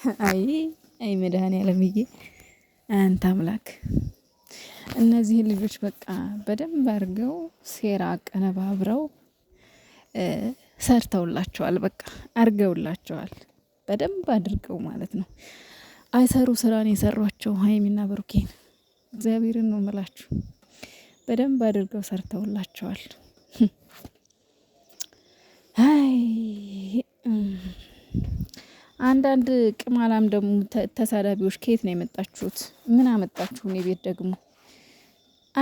አይ አይ መድኃኔዓለምዬ አንተ አምላክ እነዚህን ልጆች በቃ በደንብ አድርገው ሴራ አቀነባብረው ሰርተውላቸዋል። በቃ አርገውላቸዋል በደንብ አድርገው ማለት ነው። አይሰሩ ስራን የሰሯቸው ሀይሚና ብሩኬን እግዚአብሔርን ነው ምላችሁ። በደንብ አድርገው ሰርተውላቸዋል። አይ አንዳንድ ቅማላም ደግሞ ተሳዳቢዎች ከየት ነው የመጣችሁት? ምን አመጣችሁ? እኔ ቤት ደግሞ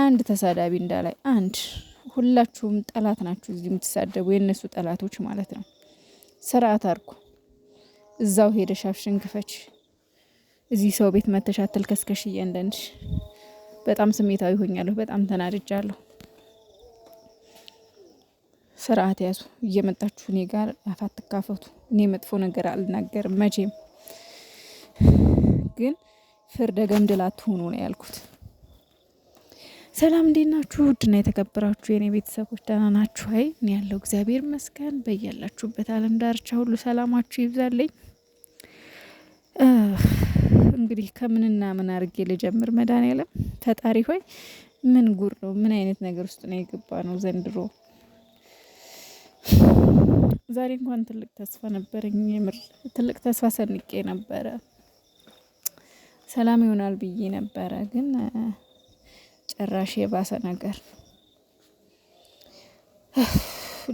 አንድ ተሳዳቢ እንዳላይ አንድ። ሁላችሁም ጠላት ናችሁ፣ እዚህ የምትሳደቡ የእነሱ ጠላቶች ማለት ነው። ስርዓት አርኩ። እዛው ሄደሽ አፍሽን ክፈች። እዚህ ሰው ቤት መተሻተል ከስከሽ እያንዳንድሽ። በጣም ስሜታዊ ሆኛለሁ። በጣም ተናድጃለሁ። ስርዓት ያዙ። እየመጣችሁ እኔ ጋር አፋት ትካፈቱ። እኔ መጥፎ ነገር አልናገርም መቼም፣ ግን ፍርደ ገምድል አትሆኑ ነው ያልኩት። ሰላም እንዴት ናችሁ? ውድና የተከበራችሁ የኔ ቤተሰቦች ደህና ናችሁ? አይ እኔ ያለው እግዚአብሔር ይመስገን። በያላችሁበት አለም ዳርቻ ሁሉ ሰላማችሁ ይብዛልኝ። እንግዲህ ከምንና ምን አድርጌ ልጀምር? ያለም? ፈጣሪ ሆይ ምን ጉር ነው? ምን አይነት ነገር ውስጥ ነው የገባ ነው ዘንድሮ ዛሬ እንኳን ትልቅ ተስፋ ነበረኝ። የምር ትልቅ ተስፋ ሰንቄ ነበረ፣ ሰላም ይሆናል ብዬ ነበረ። ግን ጭራሽ የባሰ ነገር።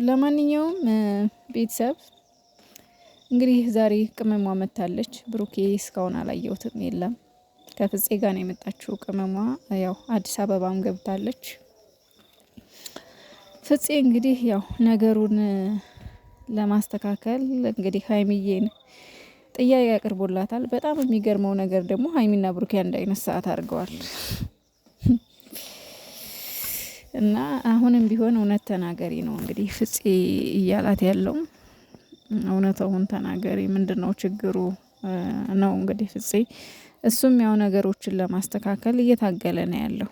ለማንኛውም ቤተሰብ እንግዲህ ዛሬ ቅመሟ መታለች። ብሩኬ እስካሁን አላየሁትም፣ የለም። ከፍፄ ጋር ነው የመጣችው ቅመሟ። ያው አዲስ አበባም ገብታለች። ፍፄ እንግዲህ ያው ነገሩን ለማስተካከል እንግዲህ ሀይሚዬን ጥያቄ አቅርቦላታል። በጣም የሚገርመው ነገር ደግሞ ሀይሚና ብሩኬ አንድ አይነት ሰዓት አድርገዋል እና አሁንም ቢሆን እውነት ተናገሪ ነው እንግዲህ ፍፄ እያላት ያለው እውነታውን ተናገሪ፣ ምንድን ነው ችግሩ ነው እንግዲህ ፍፄ። እሱም ያው ነገሮችን ለማስተካከል እየታገለ ነው ያለው።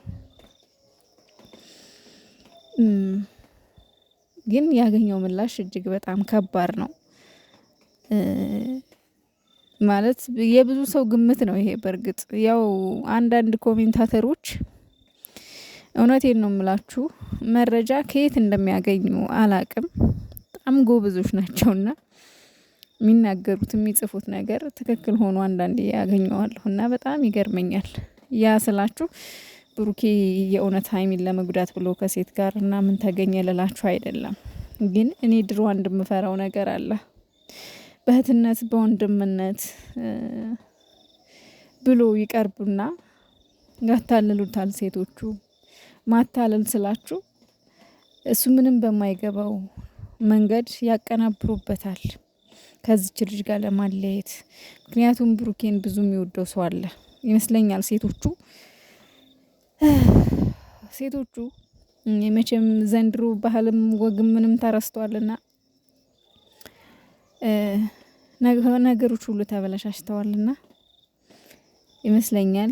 ግን ያገኘው ምላሽ እጅግ በጣም ከባድ ነው። ማለት የብዙ ሰው ግምት ነው ይሄ። በእርግጥ ያው አንዳንድ ኮሜንታተሮች እውነቴን ነው የምላችሁ መረጃ ከየት እንደሚያገኙ አላቅም። በጣም ጎበዞች ናቸውና የሚናገሩት የሚጽፉት ነገር ትክክል ሆኖ አንዳንዴ ያገኘዋለሁ እና በጣም ይገርመኛል። ያ ስላችሁ ብሩኬ የእውነት ሀይሚን ለመጉዳት ብሎ ከሴት ጋር እና ምን ተገኘ ልላችሁ አይደለም፣ ግን እኔ ድሮ አንድ ነገር አለ። በእህትነት በወንድምነት ብሎ ይቀርቡና ያታልሉታል። ሴቶቹ ማታለል ስላችሁ እሱ ምንም በማይገባው መንገድ ያቀናብሩበታል ከዚች ልጅ ጋር ለማለየት። ምክንያቱም ብሩኬን ብዙ የሚወደው ሰው አለ ይመስለኛል ሴቶቹ ሴቶቹ የመቼም ዘንድሮ ባህልም ወግም ምንም ተረስቷልና ነገሮች ሁሉ ና ይመስለኛል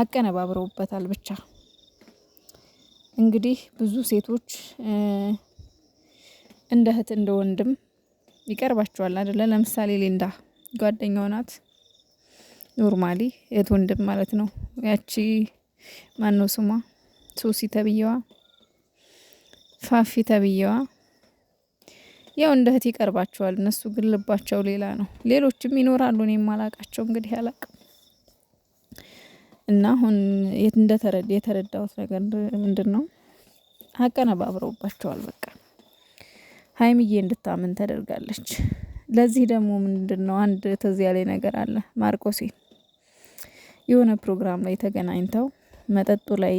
አቀነባብረውበታል። ብቻ እንግዲህ ብዙ ሴቶች እንደ እህት እንደ ወንድም ይቀርባቸዋል አደለ? ለምሳሌ ሊንዳ ጓደኛው ናት። ኖርማሊ የት ወንድም ማለት ነው። ያቺ ማነው ስሟ? ሶሲ ተብዬዋ፣ ፋፊ ተብዬዋ ያው እንደ እህት ይቀርባቸዋል። እነሱ ግን ልባቸው ሌላ ነው። ሌሎችም ይኖራሉ፣ እኔ የማላቃቸው እንግዲህ አላቅም። እና አሁን የተረዳሁት ነገር ምንድን ነው አቀነባብረውባቸዋል። በቃ ሀይምዬ እንድታምን ተደርጋለች። ለዚህ ደግሞ ምንድን ነው አንድ ተዚያ ላይ ነገር አለ። ማርቆሴ የሆነ ፕሮግራም ላይ ተገናኝተው መጠጡ ላይ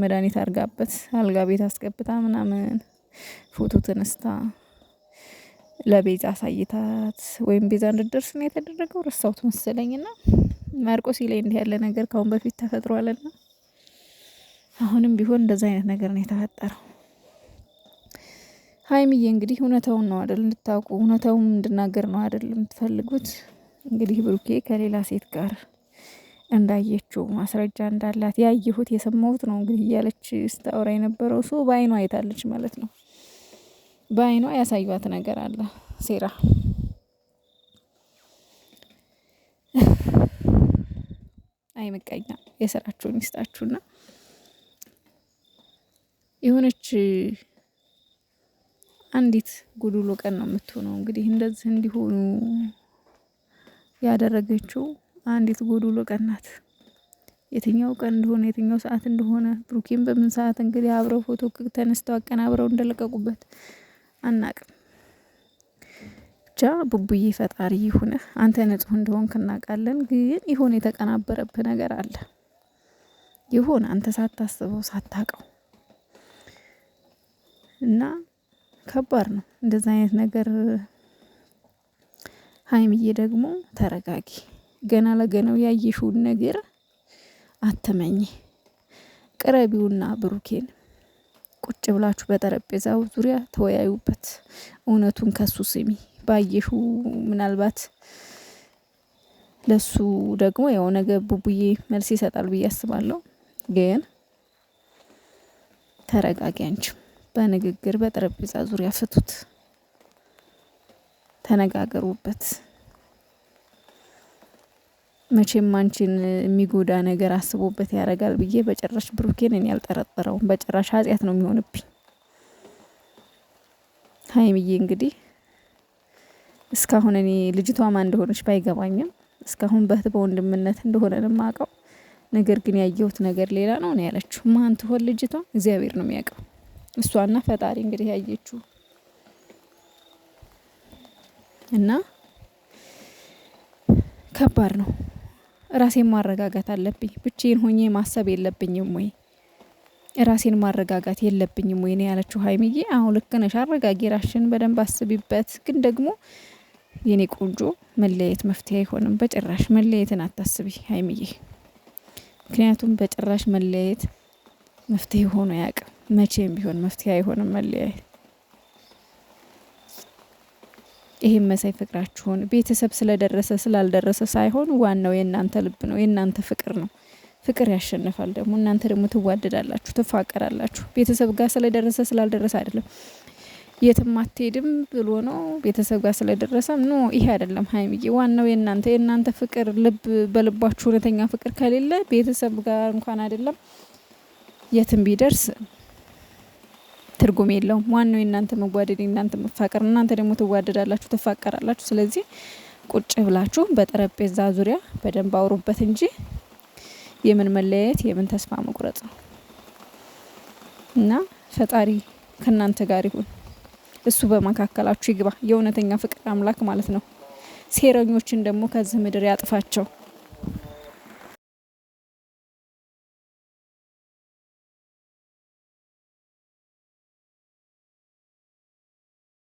መድሃኒት አድርጋበት አልጋ ቤት አስገብታ ምናምን ፎቶ ተነስታ ለቤዛ አሳይታት ወይም ቤዛ እንድደርስ ነው የተደረገው። ረሳሁት መሰለኝና ማርቆስ ላይ እንዲህ ያለ ነገር ካሁን በፊት ና አሁንም ቢሆን እንደዛ አይነት ነገር ነው የተፈጠረው። ሀይሚዬ እንግዲህ እውነታውን ነው አደል እንድታውቁ እውነታውም እንድናገር ነው አደል የምትፈልጉት። እንግዲህ ብሩኬ ከሌላ ሴት ጋር እንዳየችው ማስረጃ እንዳላት ያየሁት የሰማሁት ነው እንግዲህ እያለች ስታወራ የነበረው ሱ በአይኗ አይታለች ማለት ነው። በአይኗ ያሳዩት ነገር አለ ሴራ አይመቀኛ የስራችሁን ይስጣችሁና የሆነች አንዲት ጉዱሎ ቀን ነው የምትሆነው እንግዲህ እንደዚህ እንዲሆኑ ያደረገችው አንዲት ጎዶሎ ቀናት የትኛው ቀን እንደሆነ የትኛው ሰዓት እንደሆነ ብሩኬን በምን ሰዓት እንግዲህ አብረው ፎቶ ተነስተው አቀናብረው እንደለቀቁበት አናቅም። ብቻ ቡቡዬ ፈጣሪ ሆነ አንተ ንጹሕ እንደሆንክ እናውቃለን። ግን የሆነ የተቀናበረብህ ነገር አለ። የሆነ አንተ ሳታስበው ሳታውቀው እና ከባድ ነው እንደዚህ አይነት ነገር። ሀይሚዬ ደግሞ ተረጋጊ። ገና ለገናው ያየሽውን ነገር አትመኝ። ቅረቢውና ብሩኬን ቁጭ ብላችሁ በጠረጴዛው ዙሪያ ተወያዩበት። እውነቱን ከሱ ስሚ። ባየሹ ምናልባት ለሱ ደግሞ ያው ነገ ቡቡዬ መልስ ይሰጣል ብዬ አስባለሁ። ግን ተረጋጊ በንግግር በጠረጴዛ ዙሪያ ፍቱት፣ ተነጋገሩበት። መቼም አንቺን የሚጎዳ ነገር አስቦበት ያደርጋል ብዬ በጭራሽ ብሩኬን እኔ አልጠረጠረውም። በጭራሽ ኃጢአት ነው የሚሆንብኝ። ሀይምዬ እንግዲህ እስካሁን እኔ ልጅቷ ማን እንደሆነች ባይገባኝም እስካሁን በህት በወንድምነት እንደሆነ የማውቀው ነገር ግን ያየሁት ነገር ሌላ ነው ነው ያለችው። ማን ትሆን ልጅቷ እግዚአብሔር ነው የሚያውቀው። እሷና ፈጣሪ እንግዲህ ያየችው እና ከባድ ነው። ራሴን ማረጋጋት አለብኝ። ብቻዬን ሆኜ ማሰብ የለብኝም ወይ ራሴን ማረጋጋት የለብኝም ወይ ነው ያለችው ሀይሚዬ። አሁን ልክ ነሽ፣ አረጋጊ ራሽን በደንብ አስቢበት። ግን ደግሞ የኔ ቆንጆ መለየት መፍትሄ አይሆንም። በጭራሽ መለየትን አታስቢ ሀይሚዬ። ምክንያቱም በጭራሽ መለየት መፍትሄ ሆኖ ያቅም መቼም ቢሆን መፍትሄ አይሆንም መለያየት ይህም መሳይ ፍቅራችሁን ቤተሰብ ስለደረሰ ስላልደረሰ ሳይሆን ዋናው የእናንተ ልብ ነው፣ የእናንተ ፍቅር ነው። ፍቅር ያሸንፋል። ደግሞ እናንተ ደግሞ ትዋደዳላችሁ፣ ትፋቀራላችሁ። ቤተሰብ ጋር ስለደረሰ ስላልደረሰ አይደለም። የትም አትሄድም ብሎ ነው ቤተሰብ ጋር ስለደረሰም ኖ ይሄ አይደለም ሀይሚዬ። ዋናው የእናንተ የእናንተ ፍቅር ልብ በልባችሁ እውነተኛ ፍቅር ከሌለ ቤተሰብ ጋር እንኳን አይደለም የትም ቢደርስ ትርጉም የለውም። ዋናው የእናንተ መጓደድ፣ የእናንተ መፋቀር። እናንተ ደግሞ ትዋደዳላችሁ፣ ትፋቀራላችሁ። ስለዚህ ቁጭ ብላችሁ በጠረጴዛ ዙሪያ በደንብ አውሩበት እንጂ የምን መለያየት የምን ተስፋ መቁረጥ ነው። እና ፈጣሪ ከእናንተ ጋር ይሁን፣ እሱ በመካከላችሁ ይግባ። የእውነተኛ ፍቅር አምላክ ማለት ነው። ሴረኞችን ደግሞ ከዚህ ምድር ያጥፋቸው።